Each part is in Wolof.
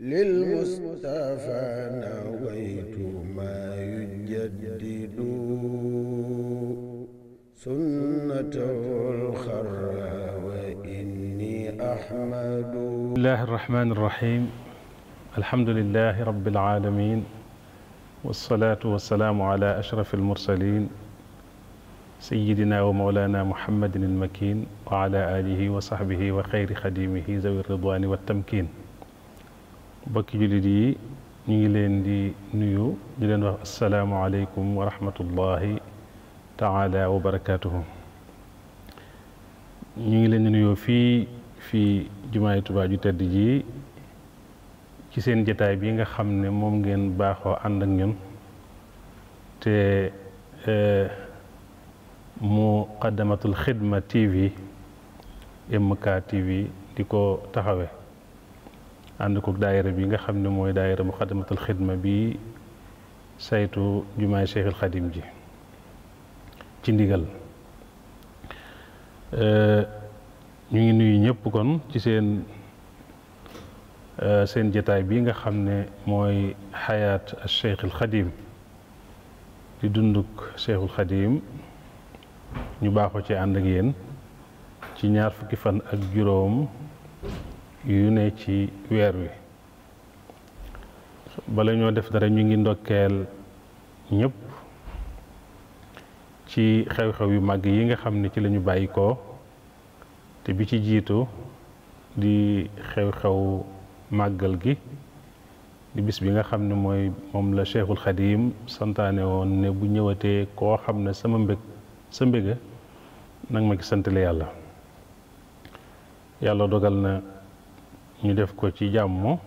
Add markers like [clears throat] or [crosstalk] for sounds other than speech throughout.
للمصطفى نويت ما يجدد سنته الخرى وإني أحمد الله الرحمن الرحيم الحمد لله رب العالمين والصلاة والسلام على أشرف المرسلين سيدنا ومولانا محمد المكين وعلى آله وصحبه وخير خديمه ذوي الرضوان والتمكين bokki jullit yi ñu ngi leen di nuyu di leen wax asalaamualeykum wa rahmatullahi taala wa barakaatuhu ñu ngi leen di nuyoo fii fii jumaay Tuubaa ju tedd ji ci seen jataay bii nga xam ne moom ngeen baaxoo ànd ak ñun te e, muqaddamatul xidma TV MK TV di ko taxawe ànd kook daayira bi nga xam ne mooy daayira bu xadamatul xidma bi saytu jumaay Cheikhul Xadim ji ci ndigal ñu ngi nuyu ñëpp kon ci seen seen jataay bi nga xam ne mooy xayaat Cheikhul Xadim di dunduk Cheikhul Xadim ñu baaxoo ci ànd ak yéen ci ñaar fukki fan ak juróom yu ne ci weer wi bala ñoo def dara ñu ngi ndokkeel ñépp ci xew-xew yu màgg yi nga xam ne ci lañu bàyyikoo te bi ci jiitu di xew-xew màggal gi di bis bi nga xam ni mooy moom la Cheikhul Xadim santaane woon ne bu ñëwatee koo xam na sama mbég sa mbéga nag ma ci yàlla yàlla dogal na ñu def ko ci jàmm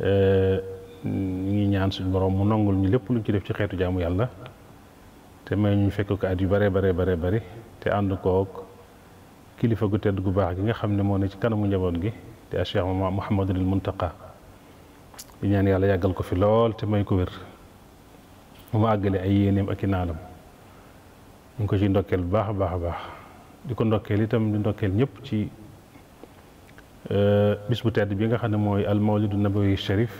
euh, ñu ngi ñaan suñ borom mu nangul ñu lépp luñ ci def ci xeetu jaamu yàlla te may ñu fekk ko at yu bare bare bare bari te ànd kook kilifa gu tedd gu baax gi nga xam ne moo ne ci kanamu njaboot gi te a Cheikh Mouhamadul Muntaqa di ñaan yàlla yàggal ko fi lool te may ko wér mu àggale ay yéeneem ak i naalam ñu ngi ko ci ndokkeel bu baax a baax a baax di ko ndokkeel itam di ndokkeel ñëpp ci Euh, bis bu tedd bi nga xam ne mooy al mawlidu nabawi sharif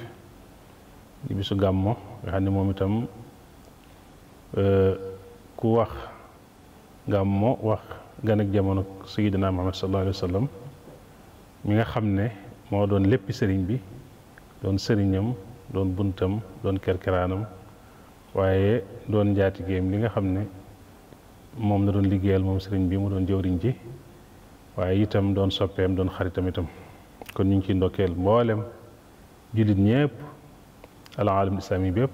di bisu gàmmo nga xam ne moom itam euh, ku wax gàmmo wax gan ak jamono sayidina muhammad sallallahu alayhi wa mi nga xam ne moo doon lépp sëriñ bi doon sëriñam doon buntam doon kerkeraanam waaye doon njaatigeem li nga xam ne moom na doon liggéeyal moom sëriñ bi mu doon jëwriñ ji waaye itam doon soppeem doon xaritam itam kon ñu ngi ciy ndokkeel mboolem jullit ñépp alaalam islaami bépp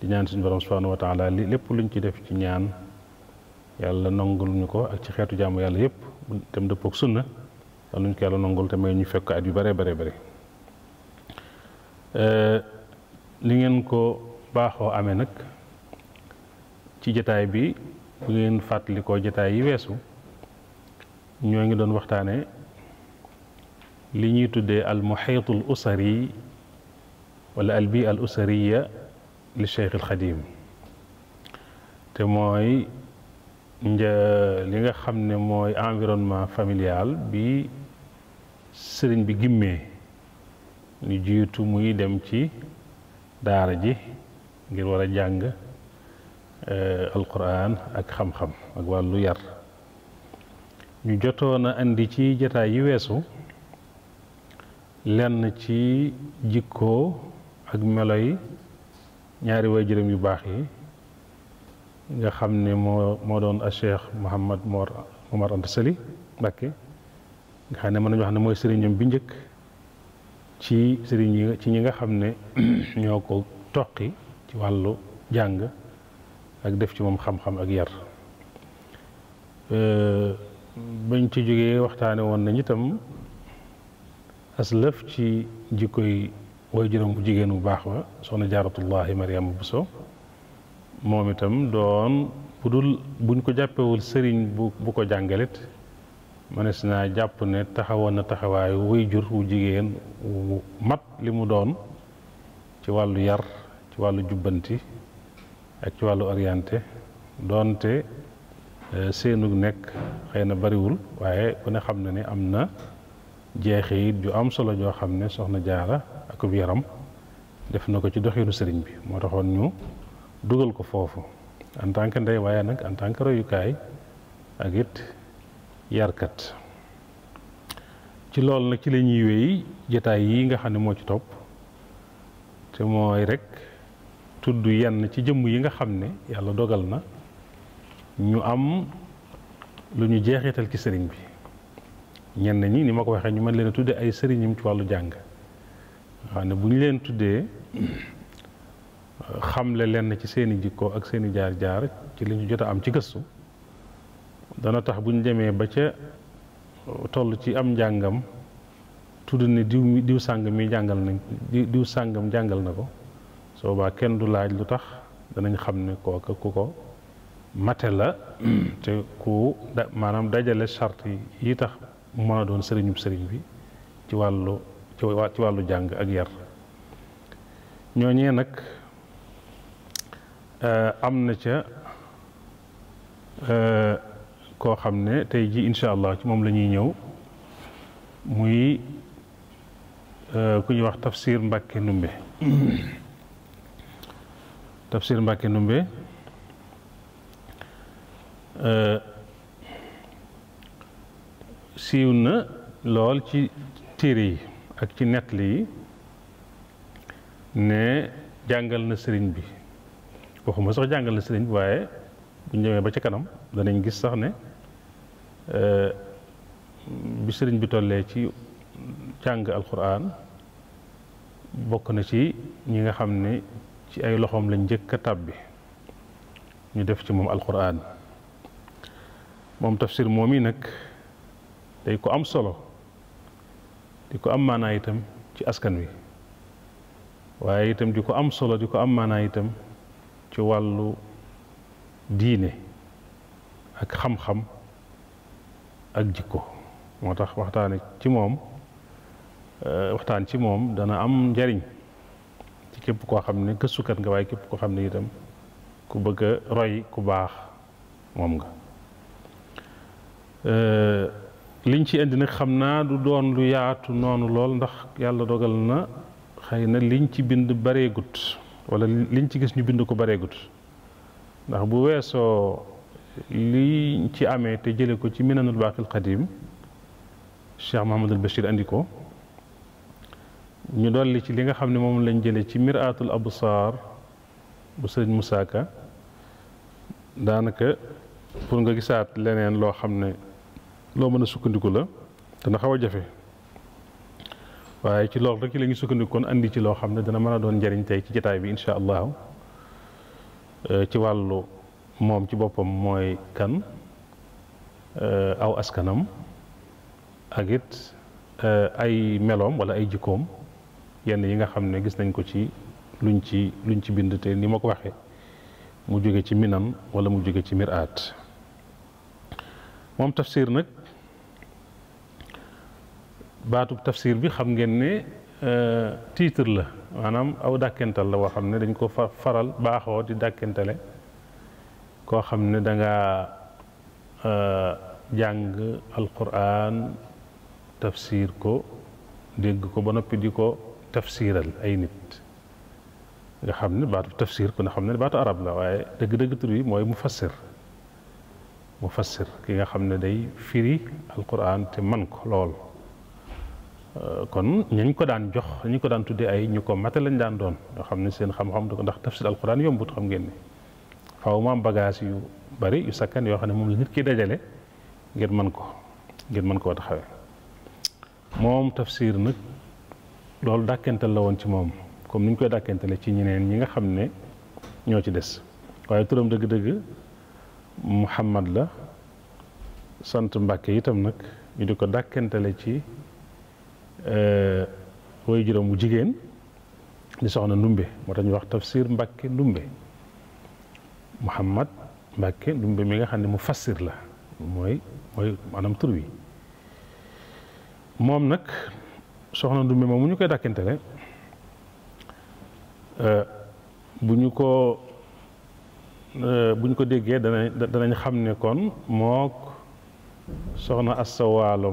di ñaan suñu borom subhanahu wa taala li lépp luñ ci def ci ñaan yàlla nongul ñu ko ak ci xeetu jaamu yàlla yépp dem dëppook sunna yàlla ñu ko yàlla nongul te may ñu fekk at yu bare bare bare euh, li ngeen ko baaxoo amee nag ci jataay bi bu ngeen fàttalikoo jataay yi weesu ñoo ngi doon waxtaane li ñuy tuddee al muhaytu al usari al bi al usariya li cheikh al te mooy nja li nga xam ne mooy environnement familial bi sëriñ bi gimmee ñu jiitu muy dem ci daara ji ngir war jàng jàng euh, alquran ak xam-xam ak wàllu yar ñu jotoon indi ci jataay yi weesu lenn ci jikkoo ak melo yi ñaari waajuram yu baax yi nga xam ne moo moo doon a Cheikh Mouhamad Mor Omar Sali Mbacké xam ne mën nañu wax ne mooy sëriñam bi njëkk ci sëriñ yi ci ñi nga xam ne [clears throat] ñoo ko toqi ci wàllu jàng ak def ci moom xam-xam ak yar euh, bañ ci jógee waxtaane woon nañ itam aslëf ci jikkoy way juróom bu jigéen wu baax ba soxna jaaratullahi Mariama Buso moom itam doon bu dul buñ ko jàppewul sëriñ bu ko jàngalit mënees naa jàpp ne taxawoon na taxawaayu way jur wu jigéen wu mat li mu doon ci wàllu yar ci wàllu jubbanti ak ci wàllu orienté doonte Euh, seenu nekk xëy na bariwul waaye ku ne xam na ne am na jeexit ju am solo joo xam ne soxna jaara ak yaram def na ko ci doxinu sëriñ bi moo taxoon ñu dugal ko foofu en tant que ndey waaye nag en tant que royukaay ak it yarkat ci loolu nag ci la ñuy wéy jataay yi nga xam ne moo ci topp te mooy rek tudd yenn ci jëmm yi nga xam ne yàlla dogal na ñu am lu ñu jeexeetal ci sëriñ bi ñenn ñi ni ma ko waxee ñu mën leen a tuddee ay sëriñam ci wàllu jàng xam ne bu ñu leen tuddee xamle lenn ci seeni jikko ak seeni jaar-jaar ci li jot a am ci gëstu dana tax bu ñu demee ba ca uh, toll ci am njàngam tudd ne diw diw sàng jàngal nañ diw sàngam jàngal na ko soo baa kenn du laaj lu tax danañ xam ne kooka ko mate la te ku maanaam dajale charte yi tax mën a doon sëriñub sëriñ bi ci wàllu ci wàllu jàng ak yar ñooñee nag eh, am na ca eh, koo xam ne tey ji incha allah ci moom la ñuy ñëw muy eh, ku ñuy wax tafsir Mbàkke Ndumbe tafsir Mbàkke Ndumbe siiw na lool ci tiir yi ak ci nettali yi ne jàngal na sëriñ bi waxuma sax jàngal na sëriñ bi waaye bu ñëwee ba ci kanam danañ gis sax ne bi sëriñ bi tollee ci jàng alxuraan bokk na ci ñi nga xam ne ci ay loxoom lañ njëkk a tàbbi ñu def ci moom alxuraan moom tafsir moom yi nag day ko am solo di ko am maanaa itam ci askan wi waaye itam di ko am solo di ko am maanaa itam ci wàllu diine ak xam-xam ak jikko moo tax waxtaane ci moom euh, waxtaan ci moom dana am njariñ ci képp koo xam ne gëstukat nga waaye képp koo xam ne itam ku bëgg a roy ku baax moom nga Eh, liñ ci indi nag xam naa du doon lu yaatu noonu lool ndax yàlla dogal na xëy na liñ ci bind bareegut wala liñ ci gis ñu bind ko bareegut ndax bu weesoo liñ ci amee te jële ko ci minanul baaqil qadim cheikh mahamadul bachir andi ko ñu dolli ci li nga xam ne moom lañ jële ci miraatul absaar bu sëriñ Musaa Ka daanaka pour nga gisaat leneen loo xam ne loo mën a sukkandiku la dana xaw a jafe waaye ci loolu rek la ñu sukkandiku kon andi ci loo xam ne dana mën a doon njariñ tey ci jataay bi incha allahu eh, ci wàllu moom ci boppam mooy kan eh, aw askanam ak it eh, ay meloom wala ay jikkoom yenn yi nga xam ne gis nañ ko ci luñ ci luñ ci bind te ni ma ko waxee mu jóge ci minan wala mu jóge ci miraat moom tafsir nag baatub tafsir bi xam ngeen ne euh, titre la maanaam aw dàkkental la woo xam ne dañ ko faral baaxoo di dàkkentale koo xam ne danga nga euh, jàng alquran tafsir ko dégg ko ba noppi di ko tafsiral ay nit nga xam ne baatu tafsir ku ne xam ne baatu arab la waaye dëgg-dëgg bi mooy mufassir mufassir ki nga xam ne day firi alquran te man ko lool Euh, kon ñañ ko daan jox ñu ko daan tuddee ay ñu ko mate lañ daan doon yoo xam ne seen xam-xam du ko ndax tafsir alquran yombut xam ngeen ni faaw mu am bagage yu bari yu sakkan yoo xam ne moom la nit ki dajale ngir mën ko ngir mën koo taxawee moom tafsir nag loolu dàkkental la woon ci moom comme ni ñu koy dàkkentale ci ñeneen ñi nga xam ne ñoo ci des waaye turam dëgg-dëgg Muhammad la sant Mbàkke itam nag ñu di ko dàkkentale ci Euh, woy juróom bu jigéen di soxna ndumbe moo tax ñu wax tafsir mbàkke ndumbe muhammad mbàkke ndumbe mi nga xam ne mu fassir la mooy mooy maanaam tur moom nag soxna ndumbe moom mu ñu koy dàkkantele euh, bu ñu ko euh, bu ñu ko déggee danañ danañ xam ne kon mook soxna Asta Waalo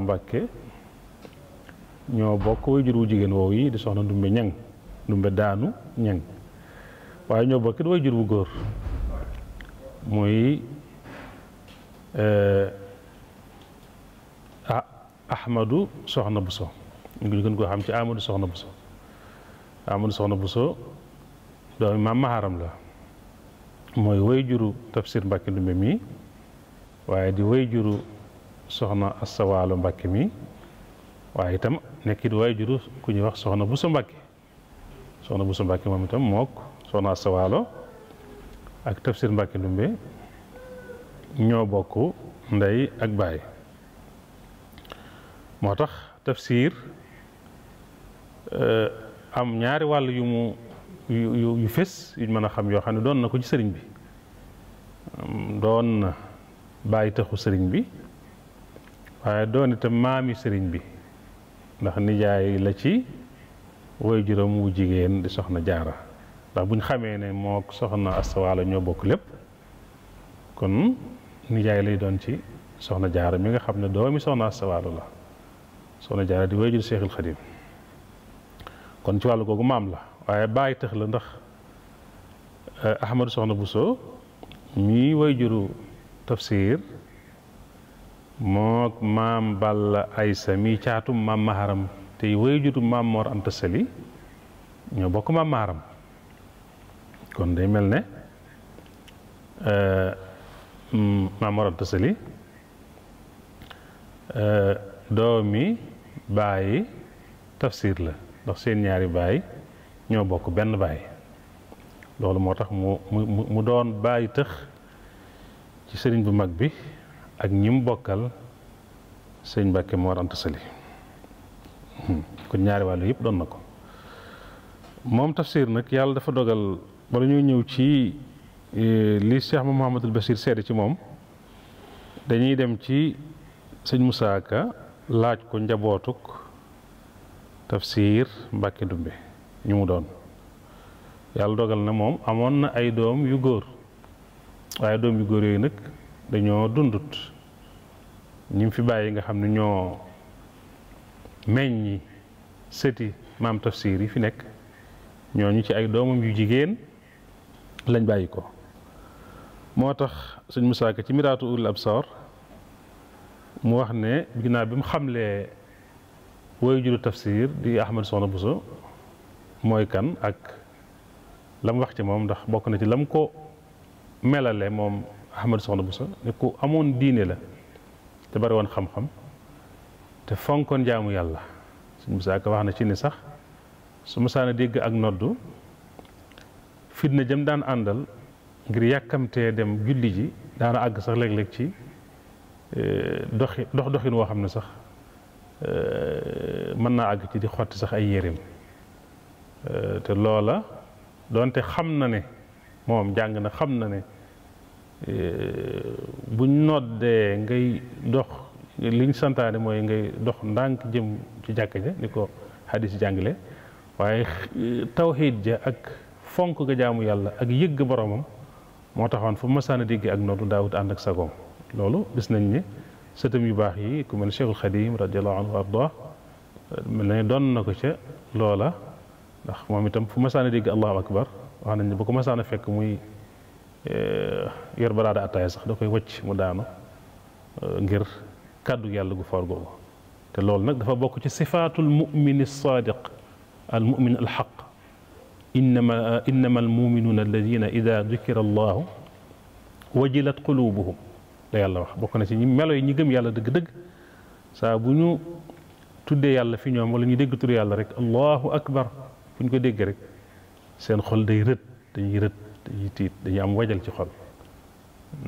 ñoo bokk way jur wu jigéen woowu yi di soxna ndumbe ñang ndumbe daanu ñang waaye ñoo bokkit way jur wu góor muy eh, ah, ahmadu soxna buso ñu ngi gën koo xam ci ahmadu soxna buso ahmadu soxna buso doomi maam maharam la mooy way juru tafsir mbàkke ndumbe mi waaye di way juru soxna asawaalo mbàkke mi waaye itam nekkit waaye juru ku ñuy wax soxna Bousso Mbacke soxna sa Mbacke moom itam mook soxna Sawaalo ak Tafsir Mbacke Ndumbe ñoo bokk ndey ak baay moo tax Tafsir eh, am ñaari wàll yu mu yu yu yu mën a xam yoo xam ne doon na ko ci sëriñ bi doon na bàyyi taxu sëriñ bi waaye doon itam maami sëriñ bi ndax nijaay la ci woy juróom wu jigéen di soxna jaara ndax buñ xamee ne moo soxna astawaalo ñoo bokk lépp kon nijaay lay doon ci soxna jaara mi nga xam ne doomi soxna astawaalo la soxna jaara di woy jur seexul xadim kon ci wàll googu maam la waaye bàyyi tëx la ndax eh, ahmadu soxna buso mii woy juru tafsir mook maam Balla ay mi caatum maam maharam te way jutu maam Mor Anta ñoo bokk maam maharam kon day mel ne euh, maam Mor Anta euh, doomi bàyyi tafsir la ndax seen ñaari baay ñoo bokk benn baay loolu moo tax mu mu mu doon bàyyi tëx ci sëriñ bu mag bi ak ñi mu bokkal sëñ Mbàkke Mor Anta hmm. kon ñaari wàll yëpp doon na ko moom tafsir nag yàlla dafa dogal bala ñuy ñëw ci e, li Cheikh Mouhamadul Bachir seede ci moom dañuy dem ci sëñ Moussa Ka laaj ko njabootuk tafsir Mbàkke Dumbe ñu mu doon yàlla dogal na moom amoon na ay doom yu góor waaye doom yu góor yooyu nag dañoo dundut ñi fi bàyyi nga xam ne ñoo meññi sëti maam tafsir yi fi nekk ñooñu ci ay doomam yu jigéen lañ bàyyi ko moo tax sëñ Musaa Ka ci miraatu ul absar mu wax ne ginnaaw bi mu xamlee woy juru tafsir di Ahmad Soxna Buso mooy kan ak lam wax ci moom ndax bokk na ci lam ko melale moom Ahmad Soxna Buso ne ku amoon diine la te bari woon xam-xam te fonkoon jaamu yàlla suñ Musaa wax na ci ni sax su musaana dégg ak noddu fitna jëm daan àndal ngir yàkkamtee dem julli ji daana àgg sax léeg-léeg ci eh, doxi dox doxin woo xam ne sax eh, mën naa àgg ci di xotti sax ay yéreem eh, te loola doonte xam na ne moom jàng na xam na ne Euh, buñ noddee ngay dox liñ santaane mooy ngay dox ndànk jëm ci jàkka ja ni ko xadis jàngale waaye euh, tawxiid ja ak fonk ga jaamu yàlla ak yëgg boromam moo taxoon fu masaana dégg ak noddu daawut ànd ak sagoom loolu gis nañ ni sëtam yu baax yi ku mel ne Cheikhul radiallahu anhu ardah mel na doon na ko ca loola ndax moom itam fu masaana dégg allahu akbar wax nañ ne bu ko masaana fekk muy Eh, yor baraada attaaya sax da koy wëcc mu daanu eh, ngir kàddu yàlla gu foor googu te loolu nag dafa bokk ci sifaatul mumini saadiq al mumin al xaq innama innama al muminuuna alladina ida dukira allahu wajilat qulubuhum la yàlla wax bokk na ci ñi melo yi ñi gëm yàlla dëgg-dëgg saa bu ñu tuddee yàlla fi ñoom wala ñu dégg tur yàlla rek allahu akbar fu ñu ko dégg rek seen xol day rët dañuy rët te tiit dañu am wajal ci xol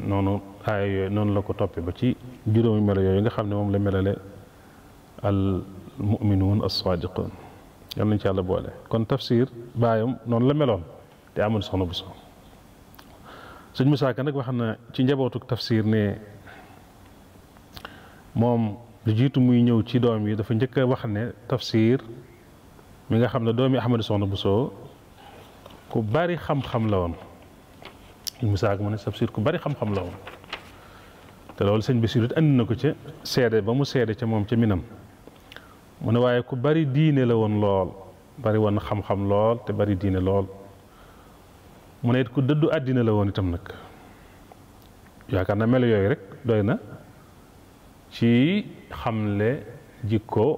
noonu aaya yooyu noonu la ko toppe ba ci juróomi melo yooyu nga xam ne moom la melale al muminuun as saadiquun yal nañ ci yàlla boole kon tafsir baayam noonu la meloon te amoon soxna bu soxna sëñ Musaa Ka nag wax na ci njabootuk tafsir ne moom lu jiitu muy ñëw ci doom yi dafa njëkk a wax ne tafsir mi nga xam ne doom yi Ahmadu soxna bu soo ku bari xam-xam la woon sëñ Musaa Ka mu ne Tafsir ku bari xam-xam te loolu sëñ Basiru andi na ko ca seede ba mu seede ca moom ca minam mu ne waaye ku bari diine la woon lool bari woon xam-xam lool te bari diine lool mu ne it ku dëddu àddina la woon itam nag yaakaar na melo yooyu rek doy na ci xamle jikko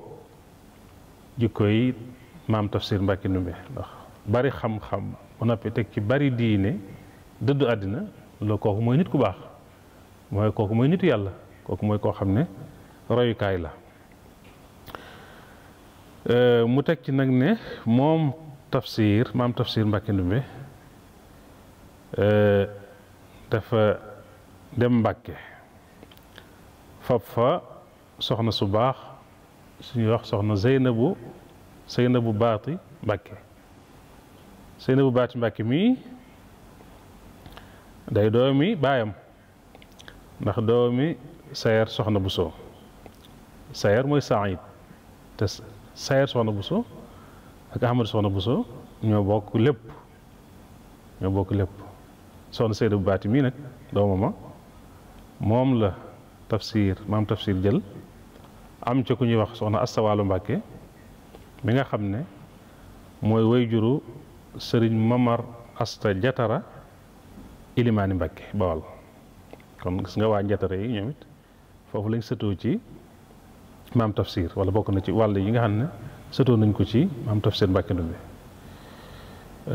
jikko yi maam Tafsir Mbàkke Ndumbe ndax bari xam-xam ba noppi teg ci bari diine dëddu àddina loolu kooku mooy nit ku baax mooy kooku mooy nitu yàlla kooku mooy koo xam ne royukaay la euh, mu teg ci nag ne moom tafsir maam tafsir Mbàkke Ndumbe euh, dafa dem Mbàkke fab fa soxna su baax suñuy wax soxna Zeynabu bu Baati Mbàkke bu Baati Mbàkke mii day doomi baayam ndax doomi Sayer soxna bu Buso Sayer mooy Saïd te Sayer soxna Buso ak Ahmad soxna Buso ñoo bokk lépp ñoo bokk lépp soxna bu Baati mii nag doomama moom la tafsir maam tafsir jël am ca ku ñuy wax soxna Asta Waalo Mbàkke mi nga xam ne mooy way juru sëriñ Mamar Asta Jatara Ilimaani Mbakke Bawal kon gis nga waa Jatara yi ñoom foofu lañ sëtoo ci maam Tafsir wala bokk na ci wàll yi nga xam ne sëtoo nañ ko ci maam Tafsir Mbakke Ndumbe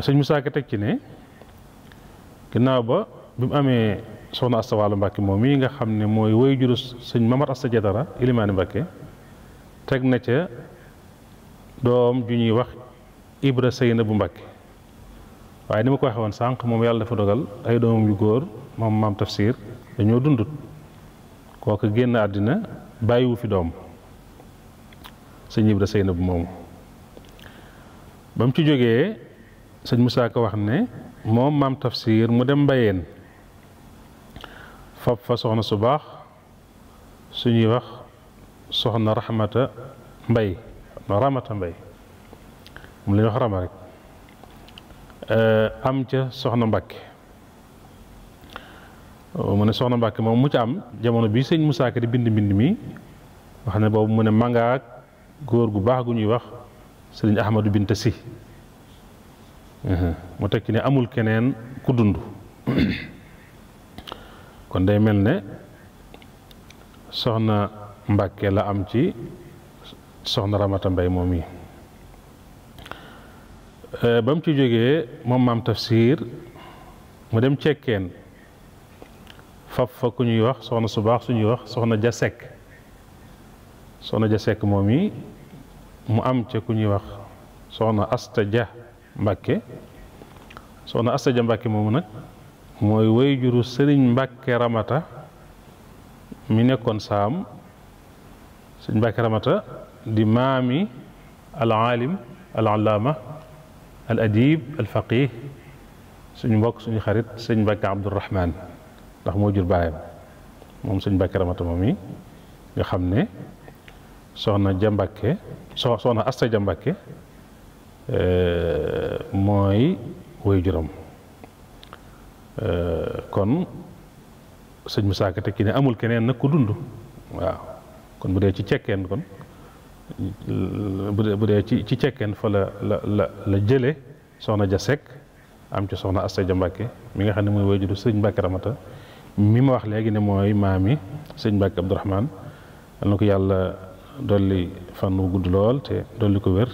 sëñ mu saaka teg ci ne gannaaw ba bi mu amee soxna Asta Waalo Mbakke moom yi nga xam ne mooy woy juru sëñ Mamar Asta Jatara Ilimaani Mbakke teg na ca doom ju ñuy wax Ibra Seyna bu Mbakke waaye ni ma ko waxee sànq moom yàlla dafa dogal ay doomam yu góor moom maam tafsir dañoo dundut kooku génn àddina bàyyiwu fi doom sëñ Ibra Seyna bu moomu ba mu ci jógee sëñ Moussa Ka wax ne moom maam tafsir mu dem mbayeen fab fa soxna su baax suñuy wax soxna raxmata mbay ramata mbay mu leen wax rama rek Euh, am ca soxna Mbacke oh, mu ne soxna Mbacke moom mu ca am jamono bi sëñ Moussa bind bind mbind mi wax ne boobu mu ne mangaak góor gu baax gu ñuy wax sëriñ Ahmadou Binta Si mu tekki ne amul keneen ku dund [coughs] kon day mel ne soxna Mbacke la am ci soxna Ramata Mbay moom yi Euh, ba mu ci jógee moom maam tafsir mu dem cekkeen faf fa ku ñuy wax soxna su baax suñuy wax soxna ja sekk soxna jasek moom yi mu am ca ku ñuy wax soxna asta ja mbàkke soxna asta ja mbàkke moomu nag mooy way juru sëriñ mbàkke ramata mi nekkoon saam sëriñ mbàkke ramata di maami al aalim al allaama al adib al faqih suñu mbokk suñu xarit sëñ Mbàkke Abdourahman ndax moo jur baayam moom sëñ Mbàkke Ramata moom yi nga xam ne soxna Jambàkke so soxna Asta Jambàkke euh, mooy woy juram euh, kon sëñ Musaa Ka ki ne amul keneen nag ku dund waaw kon bu dee ci cekkeen kon bu dee ci ci cekken fa la la la la jële soxna ja Sekk am ci soxna Asta Ja Mbàkke mi nga xam ne mooy wajuru sëñ Mbàkke Ramata mi ma wax léegi ne mooy maam maami sëñ Mbàkke Abdourahmane na ko yàlla dolli fan wu gudd lool te dolli ko wér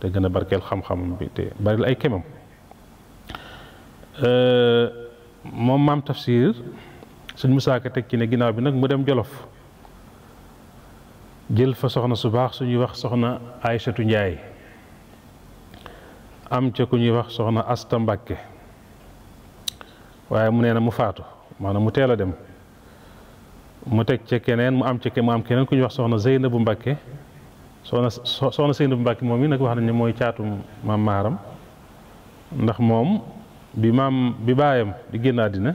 te gën a barkeel xam-xam bi te baril ay kemam moom maam tafsir sëñ Musaa Ka teg ci ne ginnaaw bi nag mu dem Jolof jël fa soxna su baax suñuy wax soxna Aysatu Njaay am ca ku ñuy wax soxna Asta Mbàkke waaye mu nee na mu faatu maanaam mu teel a dem mu teg ca keneen mu am ca ke mu am keneen ku ñuy wax soxna Zeynabu Mbàkke soxna soxna bu Mbàkke moom yi nag wax nañ ne mooy caatum maam maaram ndax moom bi maam bi baayam di génn àddina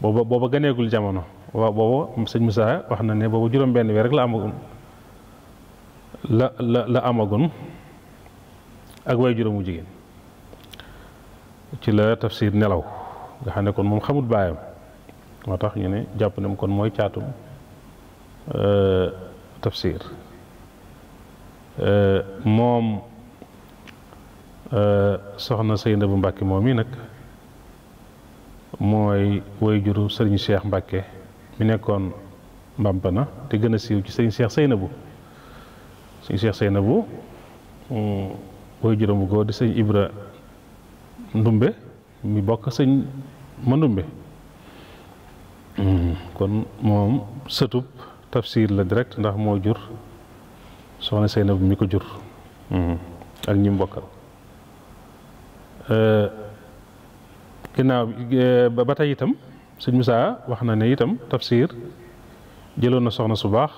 booba booba ganeegul jamono waaw booba sëñ Moussa wax na ne booba juróom benn weer rek la am la la la amagun ak way juróomu jigéen ci la tafsir nelaw nga xam ne kon moom xamut baayam moo tax ñu ne jàpp ne kon mooy caatum euh, tafsir euh, moom euh, soxna bu Mbàkke moom yi nag mooy way juru sëriñ Cheikh Mbàkke mu nekkoon Mbampana te gën a siiw ci sëriñ Cheikh bu suñu Cheikh Seynabou booy juróom bu di sëñ Ibra Ndumbe mi bokk sëñ Mandumbe hmm, kon moom sëtub tafsir la direct ndax moo jur soxna Seynabou mi ko jur hmm, ak ñi mu bokkal euh, ginnaaw ba tey itam sëñ Moussa wax na ne itam tafsir jëloon na soxna su baax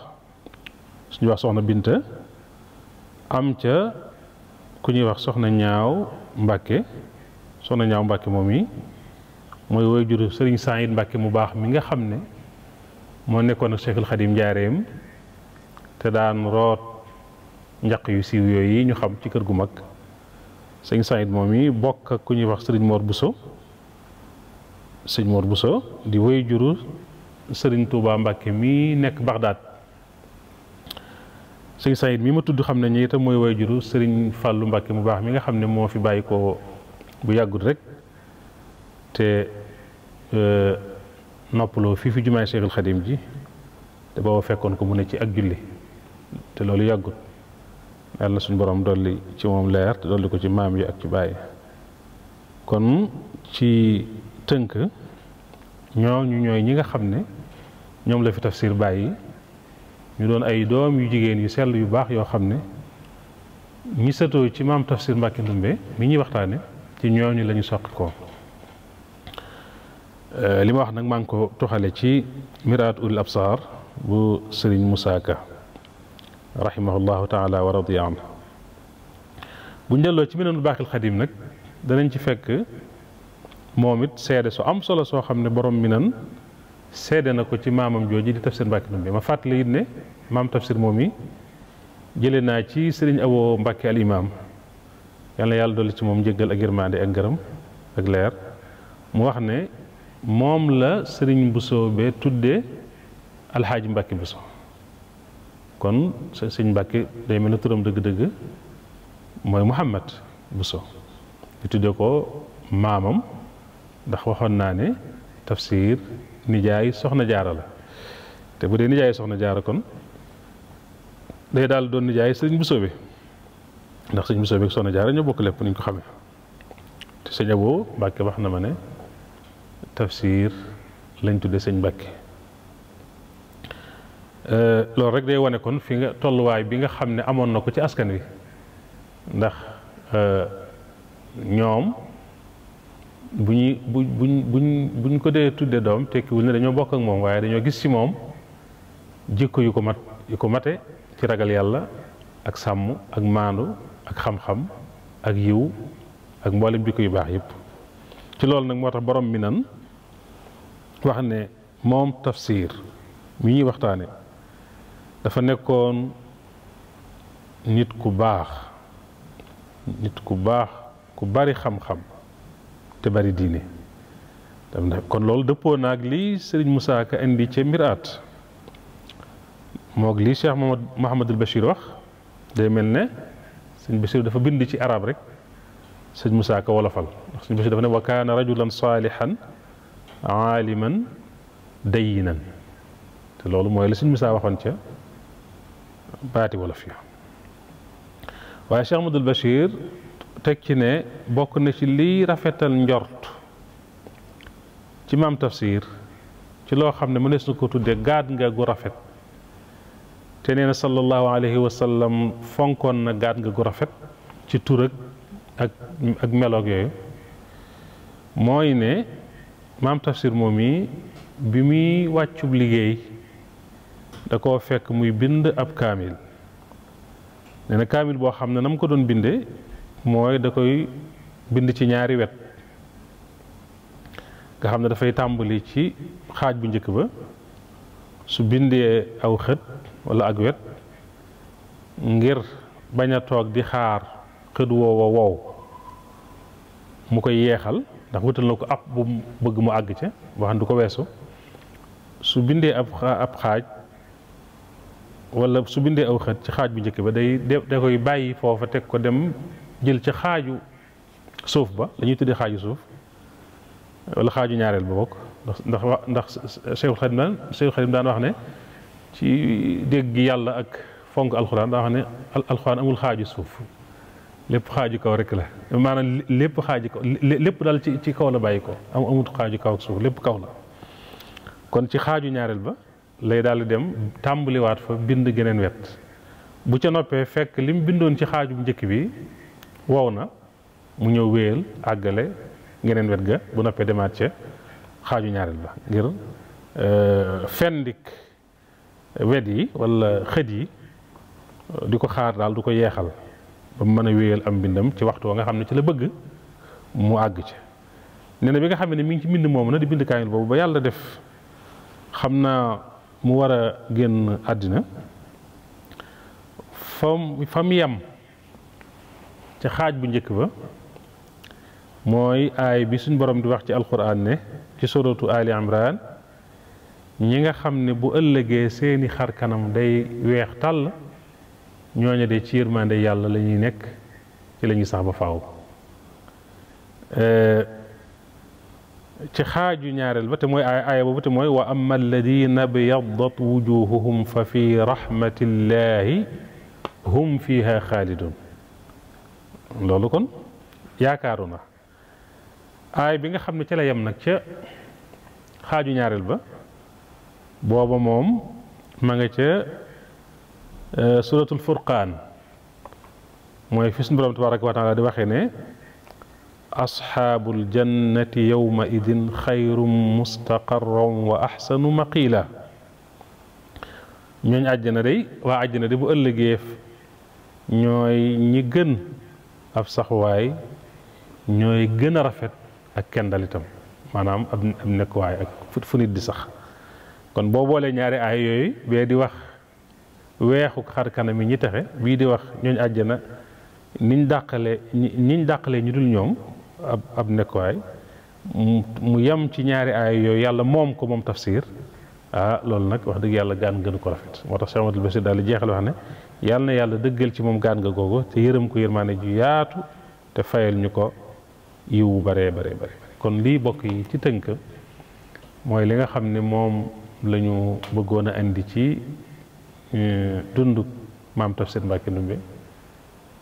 suñu wax soxna Binta am ca ku ñuy wax soxna ñaaw Mbàkke soxna ñaaw Mbàkke moom yi mooy woy juru sëriñ Saïd Mbàkke mu baax mi nga xam ne moo nekkoon ak Cheikhul Khadim te daan root njaq yu siiw yooyu ñu xam ci kër gu mag sëñ Saïd moom yi bokk ak ku ñuy wax sëriñ Mor Bousso sëñ Mor Bousso di woy juru sëriñ Touba Mbàkke mi nekk Bagdad sëñ Saïd mi ma tudd xam ne ñi itam mooy juru sëriñ Fàllu Mbàkke mu baax mi nga xam ne moo fi bàyyi ko bu yàggut rek te euh, noppaloo fii fi jumaay Seexul Xadim ji te booba fekkoon ko mu ne ci ak julli te loolu yàggut na suñu borom dolli ci moom leer te dolli ko ci maam yi ak ci bàyyi kon ci tënk ñooñu ñooy ñi nga xam ne ñoom la fi tafsir bàyyi ñu doon ay doom yu jigéen yu sell yu baax yoo xam ne ñi setoo ci maam Tafsir Mbàkke Ndumbe mi ñuy waxtaane ci ñooñu la ñu soqi ko euh, li ma wax nag maa ngi ko tuxale ci miraatul absaar bu sëriñ Moussa Ka rahimahullahu taala wa radiya anhu bu ñu delloo ci minanul baaxil xadim nag danañ ci fekk moom it seede su am solo soo xam ne borom minan seede na ko ci maamam jooji di tafsir Mbàkke Ndumbe ma fàttali it ne maam tafsir moom yi jële naa ci sëriñ Abo Mbàkke al imaam yàlla yàlla dolli ci moom njëggal ak yërmande ak ngërëm ak leer mu wax ne moom la sëriñ Bousso be tuddee alxaaji Mbàkke Bousso kon sëñ Mbàkke day mel ne turam dëgg-dëgg mooy Muhammad Bousso di tuddee ko maamam ndax waxoon naa ne tafsir nijaay soxna jaara la te bu dee nijaay soxna jaara kon day daal doon nijaay sëñ bu bi ndax sëñ bu soobee ak soxna jaara ñoo bokk lépp ni ko xamee te sëñ Abo Mbàkke wax na ma ne tafsir lañ tudde sëñ Mbàkke euh, loolu rek day wane kon fi nga tolluwaay bi nga xam ne amoon na ko ci askan wi ndax euh, ñoom bu ñuy bu buñ buñ buñ ko dee tuddee doom tekkiwul ne dañoo bokk ak moom waaye dañoo gis ci moom jikko yu ko mat yu ko mate ci ragal yàlla ak sàmm ak maandu ak xam-xam ak yiw ak mboolem jikko yu baax yépp ci loolu nag moo tax borom mi nan wax ne moom tafsir mi ñuy waxtaane dafa nekkoon nit ku baax nit ku baax ku bari xam-xam. te bari diine kon loolu dëppoo naag lii sëriñ Moussa Ka indi ca miraat moog lii Cheikh Mohamad Mouhamadul Bachir wax day mel ne sëñ Bachir dafa bind ci arab rek sëñ Moussa Ka wolofal ndax sëñ Bachir dafa ne wa kaana rajulan saalihan aaliman dayinan te loolu mooy la sëñ Moussa waxoon ca baati wolof ya waaye Cheikh Mohammadul Bachir teg ci ne bokk na ci liy rafetal njort ci maam tafsir ci loo xam ne mënees na ko tudde gaat nga gu rafet te nee na sallallahu alayhi wa fonkoon na gaat nga gu rafet ci tur ak ak meloog yooyu mooy ne maam tafsir moom yi bi muy wàccu liggéey da koo fekk muy bind ab kaamil nee na kaamil boo xam ne na mu ko doon binde mooy da koy bind ci ñaari wet nga xam ne dafay tàmbali ci xaaj bu njëkk ba su bindee aw xët walla ak wet ngir bañ a toog di xaar xët woowa wow mu koy yeexal ndax wutal na ko ab bu bëgg mu àgg ca boo du ko weesu su bindee ab xaaj walla su bindee aw xët ci xaaj bu njëkk ba day da koy bàyyi foofa teg ko dem jël ci xaaju suuf ba lañuy ñuy xaaju suuf wala xaaju ñaareel ba bokk ndax ndax Seexul Xadim daan wax ne ci dégg yàlla ak fonk alxuraan daa wax ne alxuraan amul xaaju suuf lépp xaaju kaw rek la maanaam lépp xaaju kaw lépp daal ci ci kaw la bàyyi ko am amut xaaju kaw ak suuf lépp kaw la kon ci xaaju ñaareel ba lay daal di dem tàmbaliwaat fa bind geneen wet bu ca noppee fekk lim bindoon ci xaaju njëkk bi wow na mu ñëw wéyal àggale geneen wet ga bu noppee demaat ca xaaju ñaareel ba ngir euh, ndikk wet yi wala xët yi di ko xaar daal du ko yeexal ba mu mën a wéyal am mbindam ci waxtu wa nga xam ne ci la bëgg mu àgg ca nene bi nga xamee ne mi ngi ci mbind moomu na di bind kaamil boobu ba yàlla def xam naa mu war a génn àddina fam fam yem ci xaaj bu njëkk ba mooy aay bi suñ boroom di wax ci alquran ne ci suratu ali imran ñi nga xam ne bu ëllëgee seeni xar kanam day weex tàll ñooña de ci yërmande yàlla la ñuy nekk ci la sax ba faaw ci xaaju ñaareel ba te mooy aaya aaya boobu te mooy wa amma alladina biyaddat wujuhuhum fa fi rahmatillahi hum fiha xaalidun loolu kon yaakaaru na aay bi nga xam ne ca la yem nag ca xaaju ñaareel ba booba moom ma nga ca e, suratul furqaan mooy fi suñu borom tabaraka wa taala di waxee ne asxaabul jannati yowma idin xayrum mustaqarran wa axsanu maqila ñooñ àjjana day waa àjjana de bu ëllëgee ñooy ñi gën ab saxuwaay ñooy gën a rafet ak kendal itam maanaam ab nekkuwaay ak fu nit di sax kon boo boolee ñaari aay yooyu bee di wax weexu xar kanam yi ñi texe bii di wax ñooñ àjjana niñ dàqale niñ dàqalee ñu dul ñoom ab ab nekkuwaay mu yem ci ñaari aay yooyu yàlla moom ko moom tafsir ah loolu nag wax dëgg yàlla gaan gënu ko rafet moo tax Cheikh Amadou Bassir daal di jeexal wax ne yàlla na yàlla dëggal ci moom gaan nga googu te yërëm ko yërmaane ju yaatu te fayal ñu ko yiwu baree bare bare kon lii bokk yi ci tënk mooy li nga xam ne moom la ñu bëggoon a indi ci euh, dund maam seen Mbàkke Ndumbe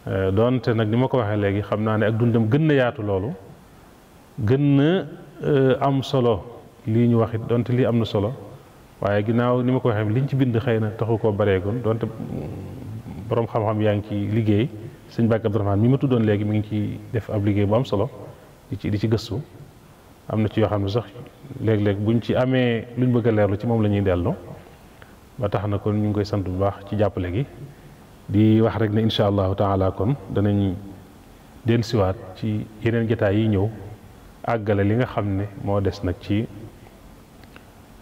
euh, doonte nag ni ma ko waxee léegi xam naa ne ak dundam gën na yaatu loolu gën na euh, am solo lii ñu wax it doonte lii am na solo waaye ginnaaw ni ma ko waxee liñ ci bind xëy na taxu koo bareegoon doonte borom xam-xam yaa ngi ci liggéey sëñ Mbàkke Abdourahmane mi ma tuddoon léegi mi ngi ci def ab liggéey bu am solo di ci di ci gëstu am na ci yoo xam ne sax léeg-léeg buñ ci amee luñ bëgg a leerlu ci moom la ñuy dellu ba tax na kon ñu ngi koy sant bu baax ci jàppale gi di wax rek ne incha allahu taala kon danañ dellusiwaat ci yeneen jotaay yi ñëw àggale li nga xam ne moo des nag ci.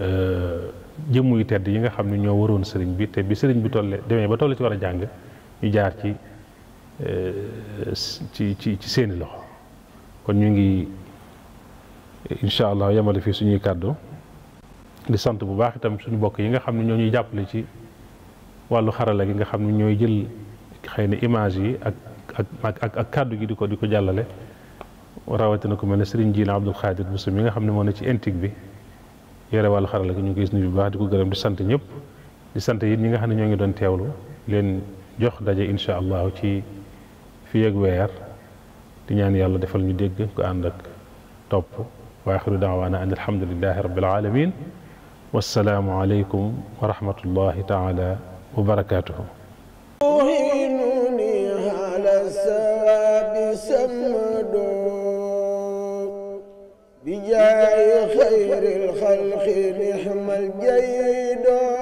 Euh, jëmm yu tedd yi nga xam ne ñoo waroon sëriñ bi te bi sëriñ bi tolle demee ba tolle ci war a jàng ñu jaar ci euh, ci ci ci seeni loxo kon ñu ngi incha allah yamale fii suñuy kàddu di sant bu baax itam suñu bokk yi nga xam ne ñoo ñuy jàppale ci wàllu xarala gi nga xam ne ñooy jël xëy na image yi ak ak ak ak kàddu gi di ko di ko jàllale rawatina ku mel ne sëriñ Jiila Abdul Xaadir Buso yi nga xam ne moo ne ci intique bi yore wàllu xarala ñu ngi koy nuyu bu baax di ko gërëm di sant ñëpp di sant it ñi nga xam ne ñoo ngi doon teewlu leen jox daje incha allahu ci fii weer di ñaan yàlla defal ñu dégg ko ànd ak topp wa axiru daawaana an alhamdulilahi rabbil alamin wassalaamu aleykum wa rahmatullahi taala wa barakaatuhu bi jaayi xayril xalqi nixmal jaydoo